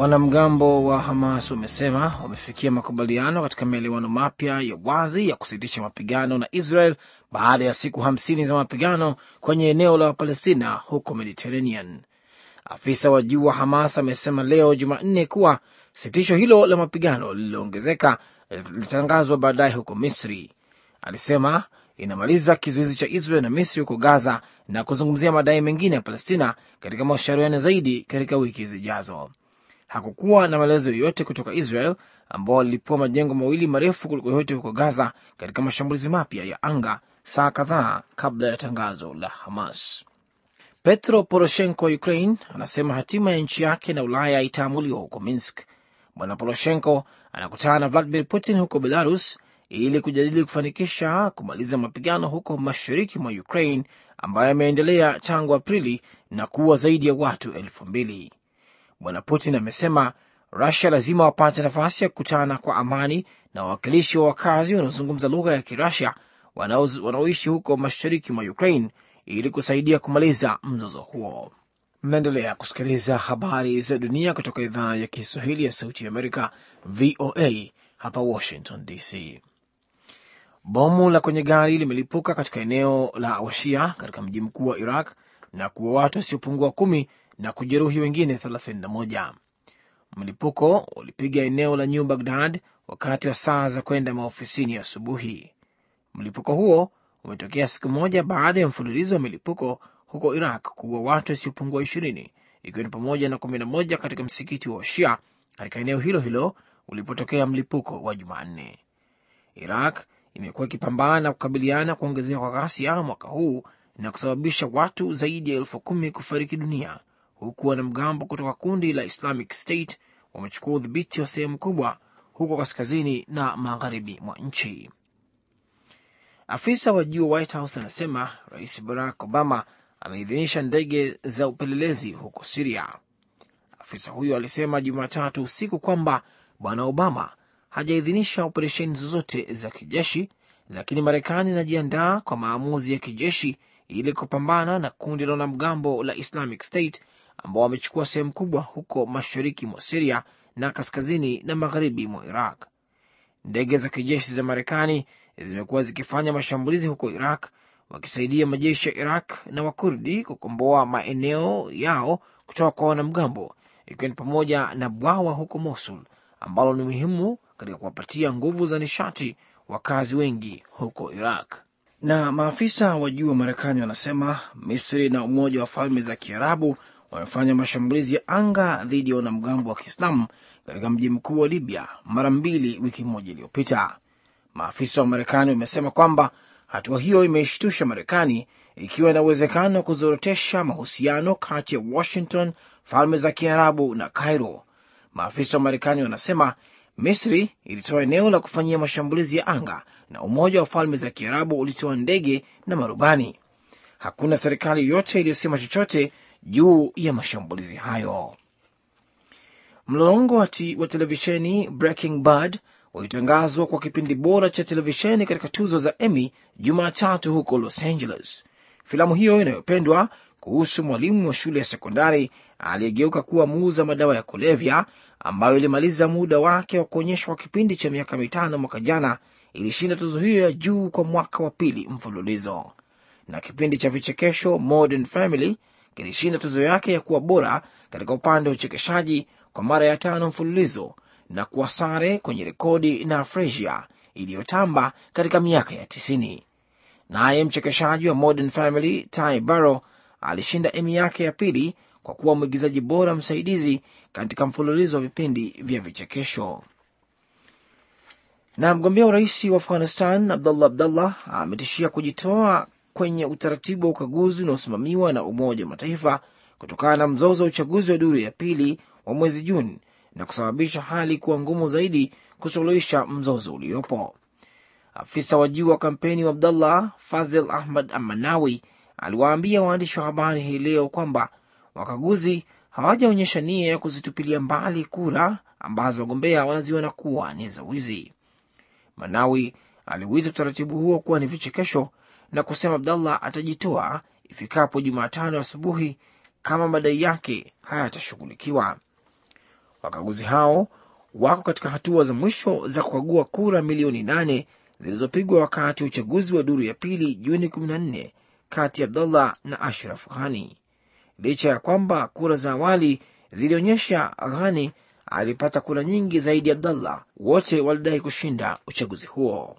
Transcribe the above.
Wanamgambo wa Hamas wamesema wamefikia makubaliano katika maelewano mapya ya wazi ya kusitisha mapigano na Israel baada ya siku hamsini za mapigano kwenye eneo la Wapalestina huko Mediterranean. Afisa wa juu wa Hamas amesema leo Jumanne kuwa sitisho hilo la mapigano lililoongezeka litatangazwa baadaye huko Misri. Alisema inamaliza kizuizi cha Israel na Misri huko Gaza na kuzungumzia madai mengine ya Palestina katika mashauriano zaidi katika wiki zijazo. Hakukuwa na maelezo yoyote kutoka Israel ambao walilipua majengo mawili marefu kuliko yote huko Gaza katika mashambulizi mapya ya anga saa kadhaa kabla ya tangazo la Hamas. Petro Poroshenko wa Ukraine anasema hatima ya nchi yake na Ulaya itaamuliwa huko Minsk. Bwana Poroshenko anakutana na Vladimir Putin huko Belarus ili kujadili kufanikisha kumaliza mapigano huko mashariki mwa Ukraine ambayo yameendelea tangu Aprili na kuwa zaidi ya watu elfu mbili. Bwana Putin amesema Rusia lazima wapate nafasi ya kukutana kwa amani na wawakilishi wa wakazi wanaozungumza lugha ya Kirusia wanaoishi huko mashariki mwa Ukraine ili kusaidia kumaliza mzozo huo. Mnaendelea kusikiliza habari za dunia kutoka idhaa ya Kiswahili ya Sauti ya Amerika, VOA hapa Washington DC. Bomu la kwenye gari limelipuka katika eneo la Washia katika mji mkuu wa Iraq na kuwa watu wasiopungua kumi na kujeruhi wengine 31. Mlipuko ulipiga eneo la New Baghdad wakati wa saa za kwenda maofisini asubuhi. Mlipuko huo umetokea siku moja baada ya mfululizo wa milipuko huko Iraq kuua watu wasiopungua ishirini ikiwa ni pamoja na kumi na moja katika msikiti wa Shia katika eneo hilo hilo ulipotokea mlipuko wa Jumanne. Iraq imekuwa ikipambana na kukabiliana kuongezeka kwa ghasia mwaka huu na kusababisha watu zaidi ya elfu kumi kufariki dunia huku wanamgambo kutoka kundi la Islamic State wamechukua udhibiti wa sehemu kubwa huko kaskazini na magharibi mwa nchi. Afisa wa juu wa White House anasema Rais Barack Obama ameidhinisha ndege za upelelezi huko Siria. Afisa huyo alisema Jumatatu usiku kwamba Bwana Obama hajaidhinisha operesheni zozote za kijeshi, lakini Marekani inajiandaa kwa maamuzi ya kijeshi ili kupambana na kundi la wanamgambo la Islamic State ambao wamechukua sehemu kubwa huko mashariki mwa Siria na kaskazini na magharibi mwa Iraq. Ndege za kijeshi za Marekani zimekuwa zikifanya mashambulizi huko Iraq, wakisaidia majeshi ya Iraq na Wakurdi kukomboa maeneo yao kutoka kwa wanamgambo, ikiwa ni pamoja na bwawa huko Mosul ambalo ni muhimu katika kuwapatia nguvu za nishati wakazi wengi huko Iraq. Na maafisa wa juu wa Marekani wanasema Misri na Umoja wa Falme za Kiarabu wamefanya mashambulizi ya anga dhidi ya wanamgambo wa Kiislamu katika mji mkuu wa Libya mara mbili wiki moja iliyopita. Maafisa wa Marekani wamesema kwamba hatua hiyo imeishtusha Marekani, ikiwa na uwezekano wa kuzorotesha mahusiano kati ya Washington, Falme za Kiarabu na Cairo. Maafisa wa Marekani wanasema Misri ilitoa eneo la kufanyia mashambulizi ya anga na Umoja wa Falme za Kiarabu ulitoa ndege na marubani. Hakuna serikali yoyote iliyosema chochote juu ya mashambulizi hayo. Mlolongo wa televisheni Breaking Bad ulitangazwa kwa kipindi bora cha televisheni katika tuzo za Emmy Jumatatu huko Los Angeles. Filamu hiyo inayopendwa kuhusu mwalimu wa shule ya sekondari aliyegeuka kuwa muuza madawa ya kulevya, ambayo ilimaliza muda wake wa kuonyeshwa kwa kipindi cha miaka mitano mwaka jana, ilishinda tuzo hiyo ya juu kwa mwaka wa pili mfululizo. Na kipindi cha vichekesho Modern Family kilishinda tuzo yake ya kuwa bora katika upande wa uchekeshaji kwa mara ya tano mfululizo na kuwa sare kwenye rekodi na frasia iliyotamba katika miaka ya tisini. Naye mchekeshaji wa Modern Family Ty baro alishinda Emmy yake ya pili kwa kuwa mwigizaji bora msaidizi katika mfululizo wa vipindi vya vichekesho. Na mgombea urais wa Afghanistan Abdullah Abdullah ametishia kujitoa kwenye utaratibu wa ukaguzi unaosimamiwa na Umoja wa Mataifa kutokana na mzozo wa uchaguzi wa duru ya pili wa mwezi Juni na kusababisha hali kuwa ngumu zaidi kusuluhisha mzozo uliopo. Afisa wa juu wa kampeni wa abdullah Fazil Ahmad Amanawi aliwaambia waandishi wa habari hii leo kwamba wakaguzi hawajaonyesha nia ya kuzitupilia mbali kura ambazo wagombea wanaziona kuwa ni za wizi. Manawi aliuita utaratibu huo kuwa ni vichekesho na kusema Abdallah atajitoa ifikapo Jumatano asubuhi kama madai yake hayatashughulikiwa. Wakaguzi hao wako katika hatua za mwisho za kukagua kura milioni nane zilizopigwa wakati wa uchaguzi wa duru ya pili Juni 14 kati ya Abdullah na Ashraf Ghani. Licha ya kwamba kura za awali zilionyesha Ghani alipata kura nyingi zaidi ya Abdullah, wote walidai kushinda uchaguzi huo.